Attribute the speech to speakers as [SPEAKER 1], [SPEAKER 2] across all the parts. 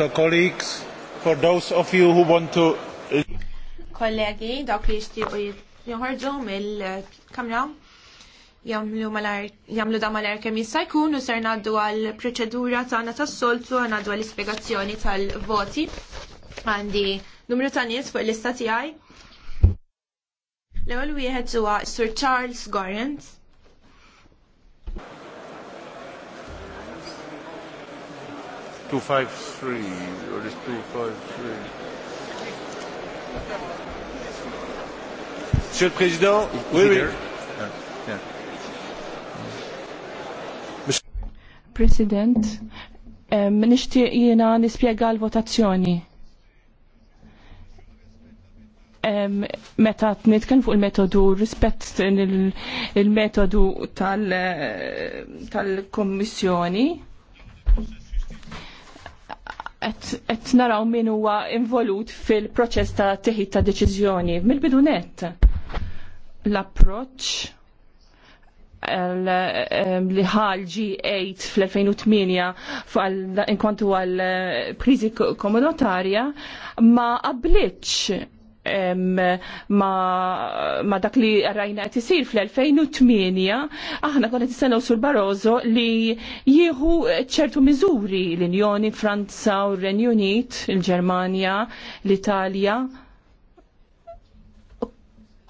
[SPEAKER 1] So colleagues, for those of you who want to...
[SPEAKER 2] Kollegi, dawk li u jħorġu mill-kamra, jamlu da mal kem jista' jkun u ser naddu għal proċedura tagħna tas-soltu għandu għal ispjegazzjoni tal-voti. Għandi numru ta' nies fuq l-lista tiegħi. L-ewwel wieħed huwa Sir Charles Gorenz.
[SPEAKER 1] 253 or is 253? Monsieur le Président, oui, oui. President, eh, nishtiq jiena nispjega l-votazzjoni. Meta nitken fuq il-metodu, rispett il-metodu eh, tal-kommissjoni, tal qed naraw min huwa involut fil-proċess ta' teħid ta' deċiżjoni mill-bidu L-approċċ li ħal G8 fl-2008 inkontu għal eh, prizi komunitarja ma qablitx ma, dak li rajna qed isir fl-2008 aħna konna tistennew sur Barroso li jieħu ċertu miżuri l-Unjoni, Franza u Renju Unit, il-Ġermanja, l-Italja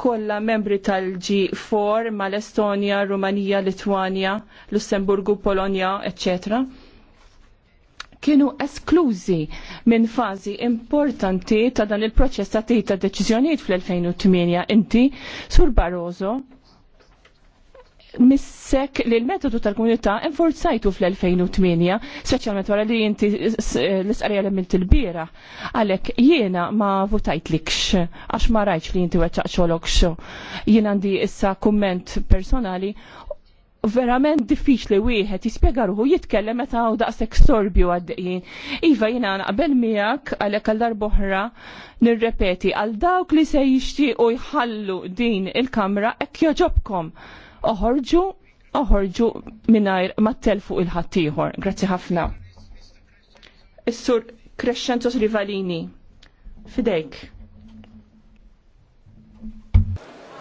[SPEAKER 1] kollha membri tal-G4 mal-Estonja, Rumanija, Litwanja, Lussemburgu, Polonja, eccetera kienu esklużi minn fażi importanti ta' dan il-proċess ta' tita deċiżjonijiet fl-2008 inti sur Barroso missek li l-metodu tal-komunità enforzajtu fl-2008, speċjalment wara li inti l isqarja li mint il-bira, għalek jiena ma votajt likx, għax ma rajċ li jinti weċċaq xolok xo. Jiena għandi issa komment personali verament diffiċli wieħed jispjega ruħu jitkellem meta hawn daqshekk sorbju għaddejjin. Iva jiena naqbel miegħek għalhekk għal darboħra nirrepeti għal dawk li se jixtiequ jħallu din il-kamra hekk joġobkom. Oħorġu, oħorġu mingħajr ma telfu il ieħor. Grazzi ħafna. Is-sur Crescenzo Rivalini. Fidejk.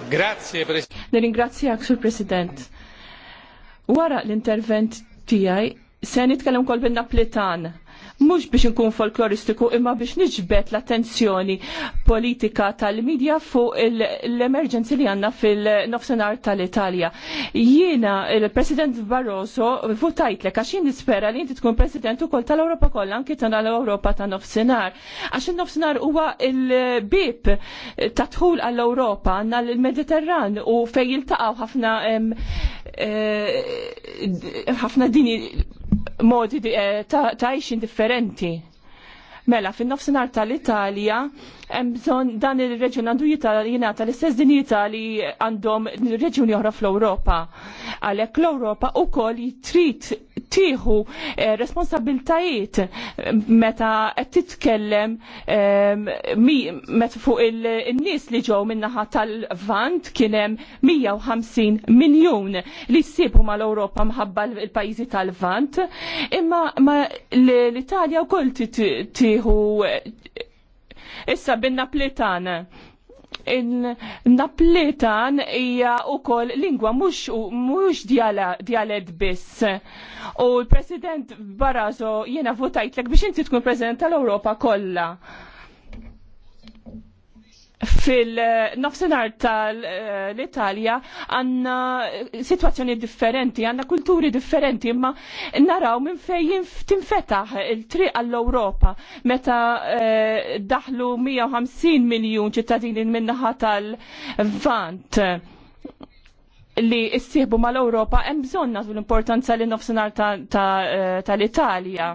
[SPEAKER 1] Grazie, Presidente. Nirringrazzjak, Sur President Wara l-intervent tiegħi se nitkellem kol bin Napletan, mhux biex inkun folkloristiku imma biex niġbed l-attenzjoni politika tal-medja fuq l-emerġenzi li għandna fil-nofsenar tal-Italja. Jiena il-President Barroso votajt le għax jien nispera li inti tkun President kol tal europa kollha anki tal-Ewropa tan-nofsinhar. Għax in-nofsinhar huwa il-bib ta' dħul għall-Ewropa għanna l-Mediterran u fej jiltaqgħu ħafna eh, ħafna dini modi eh, ta' tajxin differenti. Mela, fin-nofsinhar tal-Italja bżon bżonn dan ir-reġjun għandu jingħata l-istess dinjità li għandhom reġjuni oħra fl-Ewropa. Għalhekk l-Ewropa wkoll jitrit tieħu eh, responsabiltajiet eh, meta qed titkellem eh, fuq in-nies li ġew min-naħa tal-Vant kien hemm 150 miljun li ma l ewropa mħabba l-pajjiżi tal-Vant imma l-Italja wkoll tiħu Issa bin napletan Naplitan. napletan hija wkoll lingwa mhux mhux dialet biss. U l-President Barazo jiena votajtlek biex inti tkun President tal-Ewropa kollha fil-nofsenar tal-Italja għanna situazzjoni differenti, għanna kulturi differenti, imma naraw minn fejn tinfetaħ il-triq għall-Europa meta eh, daħlu 150 miljon ċittadini minnaħa tal-Vant li issieħbu mal-Europa hemm bżonn nagħtu l-importanza li nofsinhar eh, tal-Italja.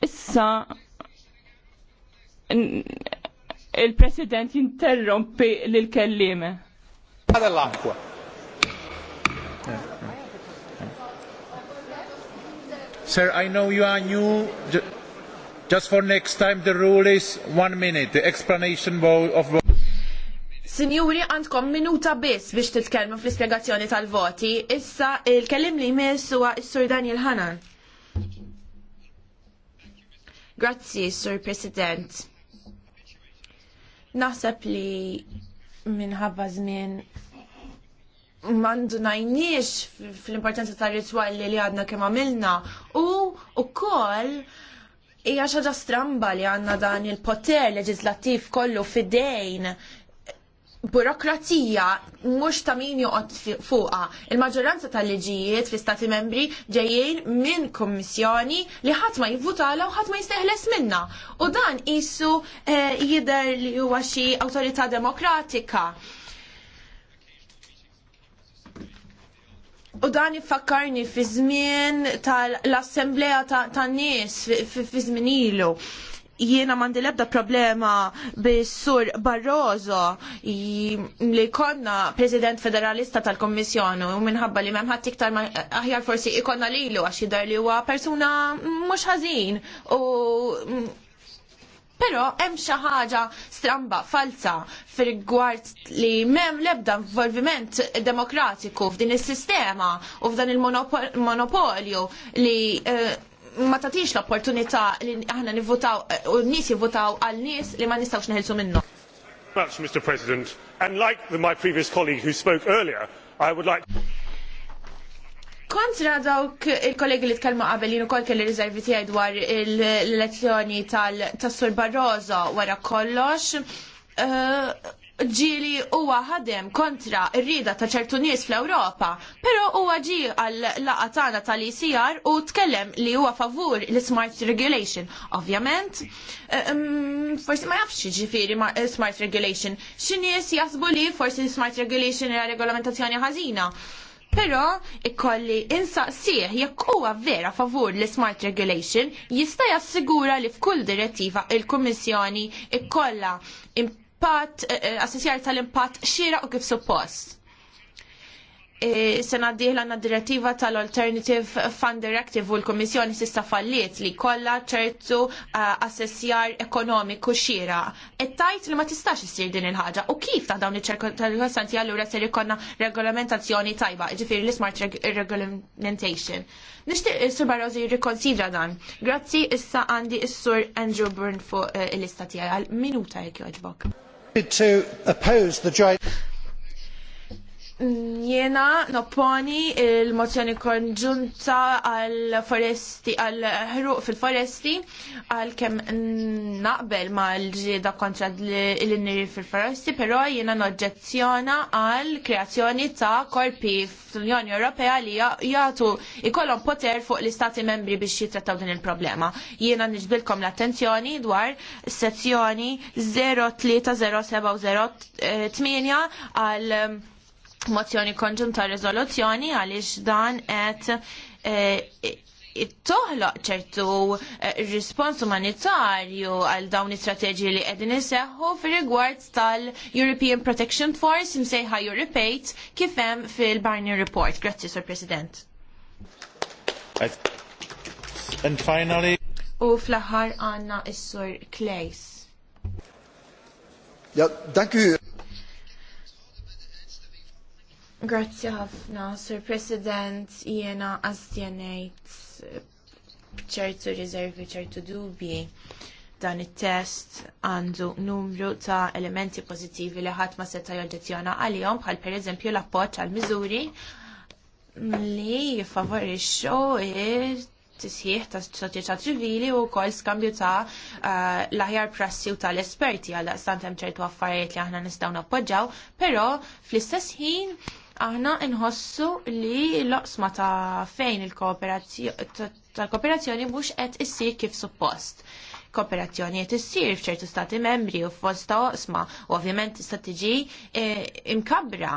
[SPEAKER 1] Issa il-President jinterrompi l-kellime.
[SPEAKER 2] Għada l-akwa. Sir, I know you are new. Just
[SPEAKER 1] for next time, the rule is one minute. The explanation of
[SPEAKER 2] Sinjuri, għandkom minuta biss biex titkellmu fl-ispiegazzjoni tal-voti. Issa, il-kellim li jmiss huwa s-Sur Daniel Hanan. Grazzi, Sur President. Naħseb li minħabba żmien mandu najniex fl-importanza ta' ritwal li li għadna kemm għamilna u ukoll hija xaġa stramba li għandna dan il-poter leġislattiv kollu fidejn burokrazija mhux ta' min joqgħod fuqha. Il-maġġoranza tal-liġijiet fi stati membri ġejjin minn kummissjoni li ħadd ma jivvutala u ħadd ma jisteħles minna. U dan qisu eh, jidher li huwa xi awtorità demokratika. U dan ifakkarni fi żmien tal-assembleja tan-nies fi żmien ilu jiena mandi lebda problema bis-sur Barroso li konna President Federalista tal-Kommissjonu u minħabba li memħat iktar aħjar forsi ikonna lilu għax jidher li huwa persuna mhux ħażin u Pero hemm xi ħaġa stramba falsa fir-rigward li m'hemm l-ebda involviment demokratiku f'din is-sistema u f'dan il-monopolju li uh, ma tatix l-opportunità li aħna nivvotaw eh, u n-nies jivvotaw għal nies li ma nistgħux neħilsu minnhom. Much, Mr. President, and like my previous colleague who spoke earlier, I would like kontra dawk il-kollegi li tkellmu qabel jien ukoll kelli riservi tiegħi dwar l-elezzjoni tal sur Barroso wara kollox. Uh, ġili huwa ħadem kontra r ta' ċertu nies fl-Ewropa, però huwa ġi għal laqa tagħna tal-ICR u tkellem li huwa favur l-smart regulation. Ovvjament, eh, mm, forsi ma jafx ġifieri eh, smart regulation. Xi nies jaħsbu li forsi smart regulation hija regolamentazzjoni ħażina. Però ikkolli insaqsih jekk huwa vera favur l smart regulation jista' jassigura li f'kull direttiva il-Kummissjoni ikkolla impatt, eh, eh, assessjar tal-impatt xira u kif suppost. E, sena diħla għanna direttiva tal-Alternative Fund Directive u l-Komissjoni sista falliet li kolla ċertu uh, assessjar ekonomiku xira. E tajt li ma tistax issir din il-ħagġa u kif ta' dawn il għallu ra ser ikonna regolamentazzjoni tajba, ġifiri l-Smart reg Regulamentation. Nishtiq il-Sur Barrozi rikonsidra dan. Grazzi issa għandi il-Sur Andrew Byrne fuq uh, il-istatija għal minuta jek joġbok
[SPEAKER 1] to oppose the joint
[SPEAKER 2] Jena nopponi il-mozzjoni konġunta għal-foresti, għal-ħruq fil-foresti, għal-kem naqbel ma l-ġieda kontra l inniri fil-foresti, pero jena noġġezzjona għal-kreazzjoni ta' korpi fl-Unjoni Ewropea li jgħatu ikollhom poter fuq l-istati membri biex jitrattaw din il-problema. Jena nġbilkom l-attenzjoni dwar sezzjoni 03070 eh, għal mozzjoni konġunta rezoluzzjoni għaliex dan qed it eh, toħloq ċertu eh, rispons umanitarju għal dawn istrateġi li qegħdin iseħħu fir-rigward tal-European Protection Force msejħa Europate kif hemm fil-Barney Report. Grazzi, Sur President. And finally... U fl-aħħar għandna is-Sur Klejs. Ja, dankju. Grazzi ħafna, Sir President, jiena għazdjenajt ċertu riservi, ċertu dubji dan it-test għandu numru ta' elementi pożittivi li ħadd ma seta' għal għalihom bħal pereżempju l-appoġġ għal miżuri li jiffavorixxu tisħiħ ta' soċjetà ċivili u wkoll skambju ta' eh, l-aħjar prassi u tal-esperti għal daqstantem hemm ċertu affarijiet li aħna nistgħu nappoġġaw, però fl-istess ħin aħna nħossu li l-oqsma ta' fejn il-kooperazzjoni mhux qed issir kif suppost. Kooperazzjoni qed issir f'ċertu stati membri u f'fost ta' oqsma u ovvjament tista' tiġi e, imkabbra.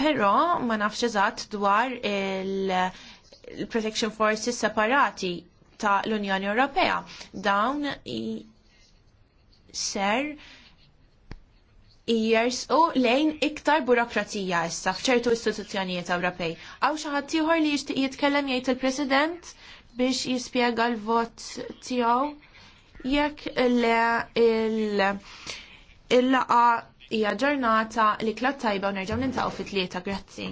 [SPEAKER 2] Però ma nafx eżatt dwar il-protection forces separati ta' l-Unjoni Ewropea. Dawn ser jersqu lejn iktar burokrazija issa f'ċertu istituzzjonijiet Ewropej. Għaw xi ħadd ieħor li jixtieq jitkellem jgħid il-President biex jispjega l-vot tiegħu jekk il laqgħa hija ġurnata li klat tajba u nerġgħu nintaqgħu fit-tlieta, grazzi.